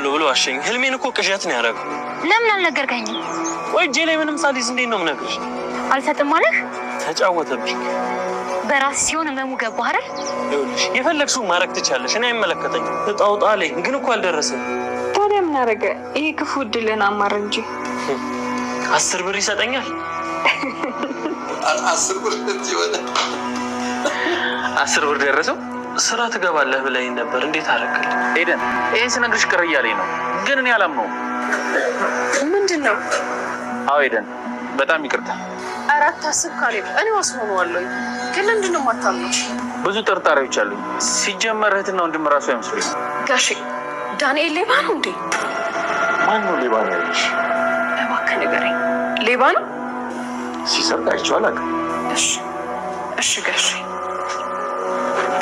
እወድሃለሁ ብሎ አሸኝ። ህልሜን እኮ ቅዠት ነው ያደረገው። ለምን አልነገርከኝ? ወጄ ላይ ምንም ሳልይዝ እንዴት ነው የምነግርሽ? አልሰጥም አለህ። ተጫወተብኝ። በራስ ሲሆን ህመሙ ገባ አይደል? ይኸውልሽ የፈለግሽውን ማድረግ ትቻለሽ፣ እኔ አይመለከተኝም። ተጣውጣ ላይ ግን እኮ አልደረሰም። ታዲያ ምን አደረገ? ይሄ ክፉ እድልን አማር እንጂ አስር ብር ይሰጠኛል። አስር ብር ደረሰው ስራ ትገባለህ ብለኝ ነበር። እንዴት አደረግል? ኤደን ይሄ ስነግርሽ ቅር እያለኝ ነው፣ ግን እኔ አላምነውም። ምንድን ነው? አዎ ኤደን በጣም ይቅርታ። አራት አስብ ካሌ እኔ ዋስ ሆነዋለሁ፣ ግን ምንድን ነው የማታምነው? ብዙ ጥርጣሬዎች አሉኝ። ሲጀመር እህትና ወንድም ራሱ አይመስሉኝ። ጋሽ ዳንኤል ሌባ ነው እንዴ? ማን ነው ሌባ ነው ያለሽ? እባክህ ንገረኝ። ሌባ ነው ሲሰርቅ አይቼው አላውቅም። እሺ እሺ ጋሽ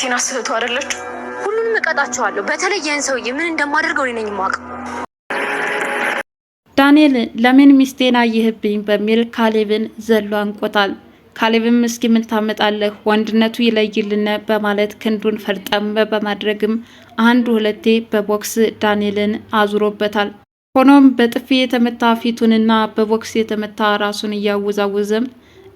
ቴና ስህቱ አደለች። ሁሉንም እቀጣቸዋለሁ። በተለይ ይህን ሰውዬ ምን እንደማደርገው እኔ ነኝ የማውቀው። ዳንኤል ለምን ሚስቴን አየህብኝ በሚል ካሌብን ዘሎ አንቆታል። ካሌብም እስኪ ምን ታመጣለህ ወንድነቱ ይለይልነ በማለት ክንዱን ፈርጠም በማድረግም አንድ ሁለቴ በቦክስ ዳንኤልን አዙሮበታል። ሆኖም በጥፊ የተመታ ፊቱንና በቦክስ የተመታ ራሱን እያወዛወዘም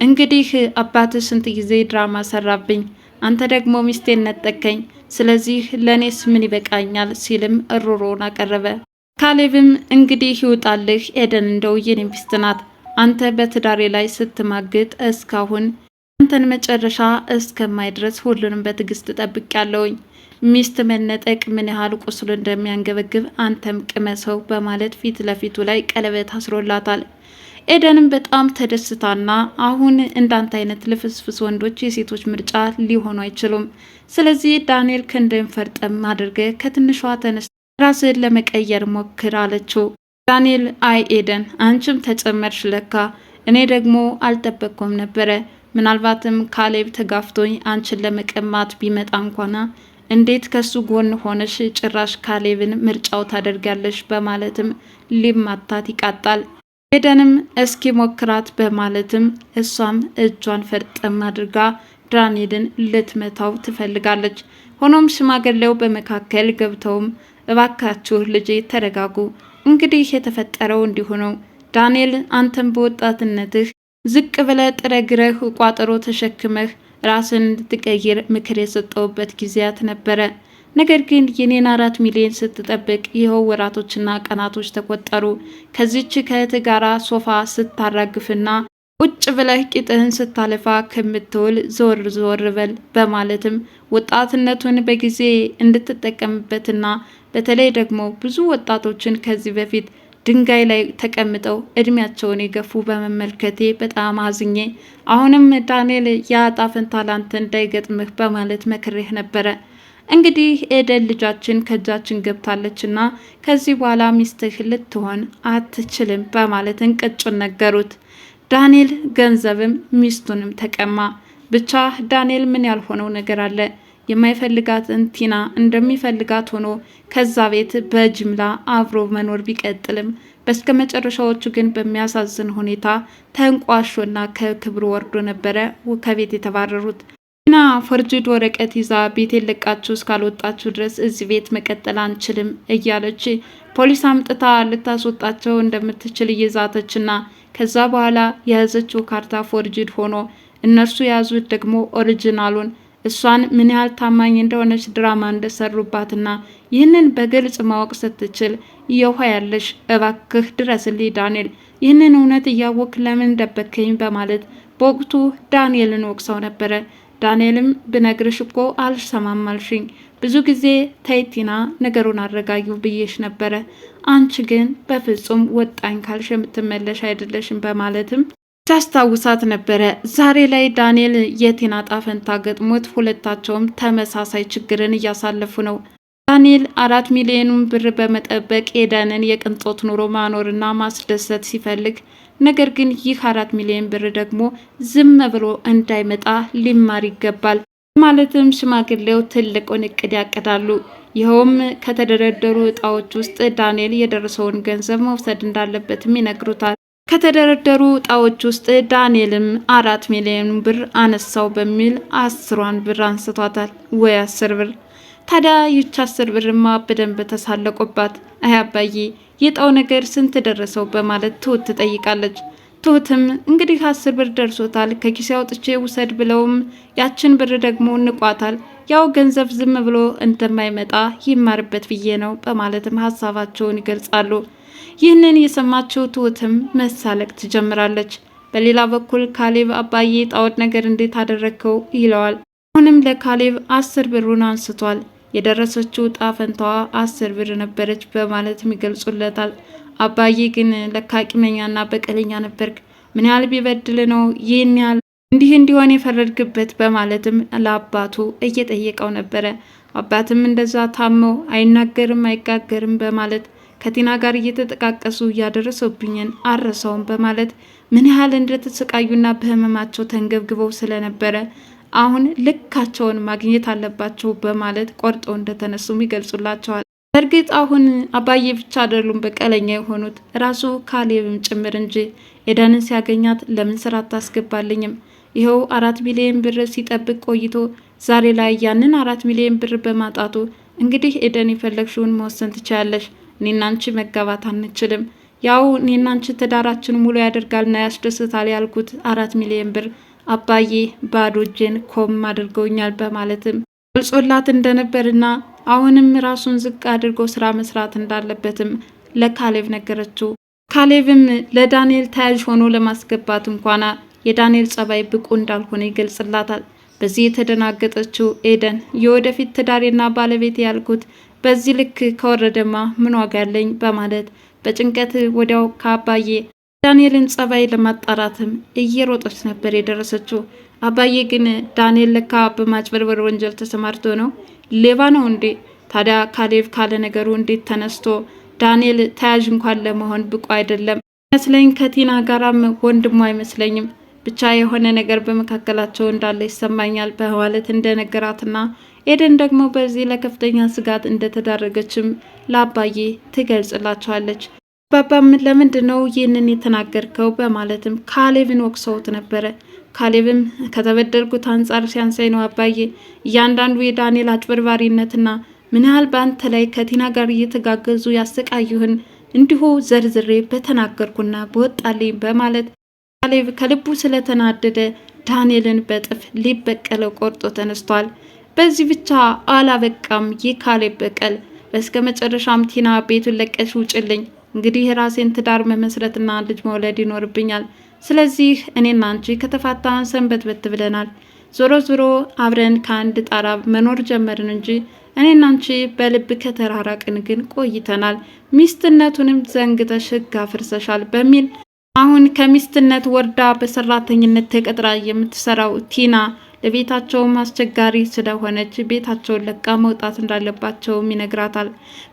እንግዲህ አባትህ ስንት ጊዜ ድራማ ሰራብኝ አንተ ደግሞ ሚስቴን ነጠቀኝ፣ ስለዚህ ለእኔስ ምን ይበቃኛል ሲልም እሮሮውን አቀረበ። ካሌብም እንግዲህ ይውጣልህ፣ ኤደን እንደው የኔ ሚስት ናት። አንተ በትዳሬ ላይ ስትማግጥ እስካሁን አንተን መጨረሻ እስከማይ ድረስ ሁሉንም በትዕግስት ያለውኝ። ሚስት መነጠቅ ምን ያህል ቁስሉ እንደሚያንገበግብ አንተም ቅመሰው በማለት ፊት ለፊቱ ላይ ቀለበት አስሮላታል። ኤደንም በጣም ተደስታና አሁን እንዳንተ አይነት ልፍስፍስ ወንዶች የሴቶች ምርጫ ሊሆኑ አይችሉም። ስለዚህ ዳንኤል ክንድን ፈርጠም አድርገ ከትንሿ ተነስ ራስን ለመቀየር ሞክር አለችው። ዳንኤል አይ ኤደን አንቺም ተጨመርሽ ለካ፣ እኔ ደግሞ አልጠበቅኩም ነበረ። ምናልባትም ካሌብ ተጋፍቶኝ አንቺን ለመቀማት ቢመጣ እንኳና እንዴት ከሱ ጎን ሆነሽ ጭራሽ ካሌብን ምርጫው ታደርጋለሽ በማለትም ሊማታት ይቃጣል። ኤደንም እስኪ ሞክራት በማለትም እሷም እጇን ፈርጠም አድርጋ ዳንኤልን ልትመታው ትፈልጋለች። ሆኖም ሽማግሌው በመካከል ገብተውም እባካችሁ ልጄ ተረጋጉ፣ እንግዲህ የተፈጠረው እንዲሁ ነው። ዳንኤል አንተም በወጣትነትህ ዝቅ ብለ ጥረ ግረህ ቋጠሮ ተሸክመህ ራስን እንድትቀይር ምክር የሰጠውበት ጊዜያት ነበረ። ነገር ግን የኔን አራት ሚሊዮን ስትጠብቅ ይኸው ወራቶችና ቀናቶች ተቆጠሩ። ከዚች ከእህት ጋር ሶፋ ስታራግፍና ቁጭ ብለህ ቂጥህን ስታለፋ ከምትውል ዞር ዞር በል በማለትም ወጣትነቱን በጊዜ እንድትጠቀምበትና በተለይ ደግሞ ብዙ ወጣቶችን ከዚህ በፊት ድንጋይ ላይ ተቀምጠው እድሜያቸውን የገፉ በመመልከቴ በጣም አዝኜ፣ አሁንም ዳንኤል የአጣ ፈንታ ላንተ እንዳይገጥምህ በማለት መክሬህ ነበረ። እንግዲህ ኤደን ልጃችን ከእጃችን እና ከዚህ በኋላ ሚስትህ ልትሆን አትችልም በማለት እንቅጩን ነገሩት። ዳንኤል ገንዘብም ሚስቱንም ተቀማ። ብቻ ዳንኤል ምን ያልሆነው ነገር አለ? የማይፈልጋትን ቲና እንደሚፈልጋት ሆኖ ከዛ ቤት በጅምላ አብሮ መኖር ቢቀጥልም በስከ መጨረሻዎቹ ግን በሚያሳዝን ሁኔታ ተንቋሾና ከክብሩ ወርዶ ነበረ ከቤት የተባረሩት። ና ፎርጅድ ወረቀት ይዛ ቤት የለቃችሁ እስካልወጣችሁ ድረስ እዚህ ቤት መቀጠል አንችልም እያለች ፖሊስ አምጥታ ልታስወጣቸው እንደምትችል እየዛተችና ከዛ በኋላ የያዘችው ካርታ ፎርጅድ ሆኖ እነርሱ የያዙት ደግሞ ኦሪጂናሉን እሷን ምን ያህል ታማኝ እንደሆነች ድራማ እንደሰሩባትና ይህንን በግልጽ ማወቅ ስትችል የውሃ ያለሽ እባክህ ድረስልኝ ዳንኤል፣ ይህንን እውነት እያወቅ ለምን ደበከኝ በማለት በወቅቱ ዳንኤልን ወቅሰው ነበረ። ዳንኤልም ብነግርሽ እኮ አልሰማም አልሽኝ። ብዙ ጊዜ ተይቲና ነገሩን አረጋጊው ብዬሽ ነበረ። አንቺ ግን በፍጹም ወጣኝ ካልሽ የምትመለሽ አይደለሽም በማለትም ሲያስታውሳት ነበረ። ዛሬ ላይ ዳንኤል የቲና ጣፈንታ ገጥሞት ሁለታቸውም ተመሳሳይ ችግርን እያሳለፉ ነው። ዳንኤል አራት ሚሊዮኑን ብር በመጠበቅ ኤደንን የቅንጦት ኑሮ ማኖርና ማስደሰት ሲፈልግ ነገር ግን ይህ አራት ሚሊዮን ብር ደግሞ ዝም ብሎ እንዳይመጣ ሊማር ይገባል ማለትም ሽማግሌው ትልቁን እቅድ ያቅዳሉ። ይኸውም ከተደረደሩ እጣዎች ውስጥ ዳንኤል የደረሰውን ገንዘብ መውሰድ እንዳለበትም ይነግሩታል። ከተደረደሩ እጣዎች ውስጥ ዳንኤልም አራት ሚሊዮን ብር አነሳው በሚል አስሯን ብር አንስቷታል። ወይ አስር ብር ታዲያ ይች አስር ብርማ በደንብ ተሳለቁባት። አይ አባዬ የጣው ነገር ስንት ደረሰው በማለት ትሁት ትጠይቃለች። ትሁትም እንግዲህ አስር ብር ደርሶታል ከኪሴ አውጥቼ ውሰድ ብለውም ያችን ብር ደግሞ እንቋታል። ያው ገንዘብ ዝም ብሎ እንደማይመጣ ይማርበት ብዬ ነው በማለትም ሀሳባቸውን ይገልጻሉ። ይህንን የሰማችው ትሁትም መሳለቅ ትጀምራለች። በሌላ በኩል ካሌብ አባዬ ጣዖት ነገር እንዴት አደረግከው ይለዋል። አሁንም ለካሌብ አስር ብሩን አንስቷል። የደረሰችው ጣፈንታዋ አስር ብር ነበረች በማለትም ይገልጹለታል። አባዬ ግን ለካቂመኛና በቀለኛ ነበርክ። ምን ያህል ቢበድል ነው ይህን ያህል እንዲህ እንዲሆን የፈረድግበት በማለትም ለአባቱ እየጠየቀው ነበረ። አባትም እንደዛ ታሞ አይናገርም አይጋገርም በማለት ከቲና ጋር እየተጠቃቀሱ እያደረሰብኝን አረሰውም በማለት ምን ያህል እንደተሰቃዩና በህመማቸው ተንገብግበው ስለነበረ አሁን ልካቸውን ማግኘት አለባቸው በማለት ቆርጠው እንደተነሱም ይገልጹላቸዋል። በእርግጥ አሁን አባዬ ብቻ አይደሉም በቀለኛ የሆኑት ራሱ ካሌብም ጭምር እንጂ ኤደንን ሲያገኛት ለምን ስራ አታስገባልኝም? ይኸው አራት ሚሊዮን ብር ሲጠብቅ ቆይቶ ዛሬ ላይ ያንን አራት ሚሊዮን ብር በማጣቱ እንግዲህ ኤደን የፈለግሽውን መወሰን ትችላለሽ። እኔናንቺ መጋባት አንችልም። ያው እኔናንቺ ትዳራችን ሙሉ ያደርጋልና ያስደስታል ያልኩት አራት ሚሊዮን ብር አባዬ ባዶ እጄን ኮም አድርገውኛል በማለትም ገልጾላት እንደነበርና አሁንም ራሱን ዝቅ አድርጎ ስራ መስራት እንዳለበትም ለካሌቭ ነገረችው። ካሌቭም ለዳንኤል ተያዥ ሆኖ ለማስገባት እንኳን የዳንኤል ጸባይ ብቁ እንዳልሆነ ይገልጽላታል። በዚህ የተደናገጠችው ኤደን የወደፊት ትዳሬና ባለቤት ያልኩት በዚህ ልክ ከወረደማ ምን ዋጋ አለኝ በማለት በጭንቀት ወዲያው ከአባዬ ዳንኤልን ጸባይ ለማጣራትም እየሮጠች ነበር የደረሰችው። አባዬ ግን ዳንኤል ለካ በማጭበርበር ወንጀል ተሰማርቶ ነው፣ ሌባ ነው እንዴ? ታዲያ ካሌብ ካለ ነገሩ እንዴት ተነስቶ ዳንኤል ተያዥ እንኳን ለመሆን ብቁ አይደለም ይመስለኝ። ከቲና ጋራም ወንድሙ አይመስለኝም። ብቻ የሆነ ነገር በመካከላቸው እንዳለ ይሰማኛል በማለት እንደነገራትና ኤደን ደግሞ በዚህ ለከፍተኛ ስጋት እንደተዳረገችም ለአባዬ ትገልጽላቸዋለች። ባባም ለምንድን ነው ይህንን የተናገርከው በማለትም ካሌብን ወቅሰውት ነበረ። ካሌብም ከተበደልኩት አንጻር ሲያንሳይ ነው አባዬ፣ እያንዳንዱ የዳንኤል አጭበርባሪነትና ምን ያህል በአንተ ላይ ከቲና ጋር እየተጋገዙ ያሰቃዩህን እንዲሁ ዘርዝሬ በተናገርኩና በወጣልኝ በማለት ካሌብ ከልቡ ስለተናደደ ዳንኤልን በጥፍ ሊበቀለው ቆርጦ ተነስቷል። በዚህ ብቻ አላበቃም። ይህ ካሌብ በቀል በስከ መጨረሻም ቲና ቤቱን ለቀሽ ውጭልኝ እንግዲህ ራሴን ትዳር መመስረትና ልጅ መውለድ ይኖርብኛል። ስለዚህ እኔና አንቺ ከተፋታን በት ብለናል። ዞሮ ዞሮ አብረን ከአንድ ጣራ መኖር ጀመርን እንጂ እኔና አንቺ በልብ ከተራራቅን ግን ቆይተናል። ሚስትነቱንም ዘንግተሽ ሕግ አፍርሰሻል በሚል አሁን ከሚስትነት ወርዳ በሰራተኝነት ተቀጥራ የምትሰራው ቲና ለቤታቸውም አስቸጋሪ ስለሆነች ቤታቸውን ለቃ መውጣት እንዳለባቸውም ይነግራታል።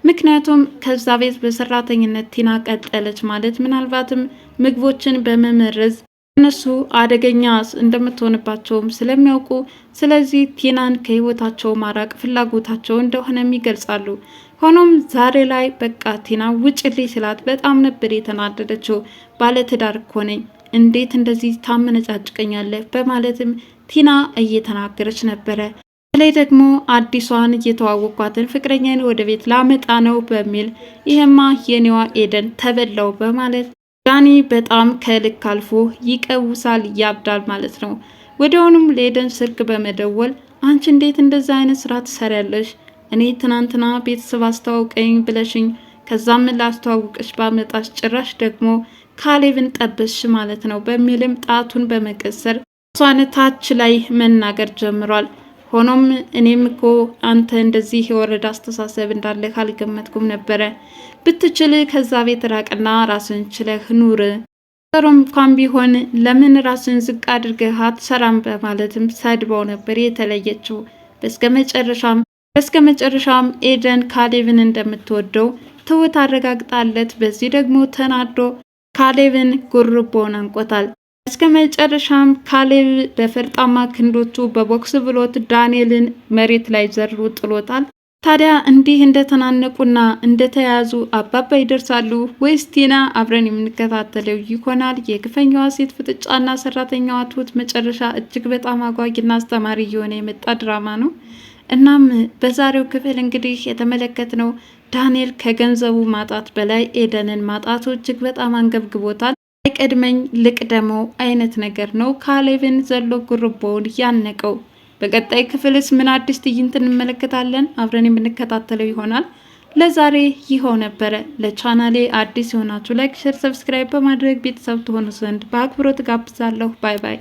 ምክንያቱም ከዛ ቤት በሰራተኝነት ቲና ቀጠለች ማለት ምናልባትም ምግቦችን በመመረዝ እነሱ አደገኛ እንደምትሆንባቸውም ስለሚያውቁ ስለዚህ ቲናን ከህይወታቸው ማራቅ ፍላጎታቸው እንደሆነም ይገልጻሉ። ሆኖም ዛሬ ላይ በቃ ቲና ውጭልኝ ስላት በጣም ነበር የተናደደችው። ባለትዳር እኮ ነኝ እንዴት እንደዚህ ታመነጫጭቀኛለህ? በማለትም ቲና እየተናገረች ነበረ። በተለይ ደግሞ አዲሷን እየተዋወቋትን ፍቅረኛን ወደ ቤት ላመጣ ነው በሚል ይህማ የኔዋ ኤደን ተበላው በማለት ዳኒ በጣም ከልክ አልፎ ይቀውሳል፣ ያብዳል ማለት ነው። ወዲያውኑም ለኤደን ስልክ በመደወል አንቺ እንዴት እንደዛ አይነት ስራ ትሰሪያለሽ? እኔ ትናንትና ቤተሰብ አስተዋውቀኝ ብለሽኝ ከዛም ላስተዋውቅሽ ባመጣሽ ጭራሽ ደግሞ ካሌብን ጠበስሽ ማለት ነው በሚልም ጣቱን በመቀሰር እሷን ታች ላይ መናገር ጀምሯል። ሆኖም እኔም እኮ አንተ እንደዚህ የወረደ አስተሳሰብ እንዳለህ አልገመትኩም ነበረ። ብትችል ከዛ ቤት ራቅና ራስን ችለህ ኑር። ጥሩም እንኳን ቢሆን ለምን ራስን ዝቅ አድርገህ አትሰራም በማለትም ሰድበው ነበር የተለየችው። በስከ መጨረሻም በስከ መጨረሻም ኤደን ካሌብን እንደምትወደው ትሁት አረጋግጣለት፣ በዚህ ደግሞ ተናዶ ካሌብን ጉርቦን አንቆታል። እስከ መጨረሻም ካሌብ በፈርጣማ ክንዶቹ በቦክስ ብሎት ዳንኤልን መሬት ላይ ዘሩ ጥሎታል። ታዲያ እንዲህ እንደተናነቁና እንደተያያዙ አባባ ይደርሳሉ ወይስ ቲና? አብረን የምንከታተለው ይሆናል። የግፈኛዋ ሴት ፍጥጫና ሰራተኛዋ ትሁት መጨረሻ እጅግ በጣም አጓጊና አስተማሪ እየሆነ የመጣ ድራማ ነው። እናም በዛሬው ክፍል እንግዲህ የተመለከትነው ዳንኤል ከገንዘቡ ማጣት በላይ ኤደንን ማጣቱ እጅግ በጣም አንገብግቦታል። አይቀድመኝ ልቅደመው አይነት ነገር ነው ካሌብን ዘሎ ጉርቦውን ያነቀው። በቀጣይ ክፍልስ ምን አዲስ ትዕይንት እንመለከታለን? አብረን የምንከታተለው ይሆናል። ለዛሬ ይኸው ነበረ። ለቻናሌ አዲስ የሆናችሁ ላይክ፣ ሸር፣ ሰብስክራይብ በማድረግ ቤተሰብ ትሆኑ ዘንድ በአክብሮት ጋብዛለሁ። ባይ ባይ።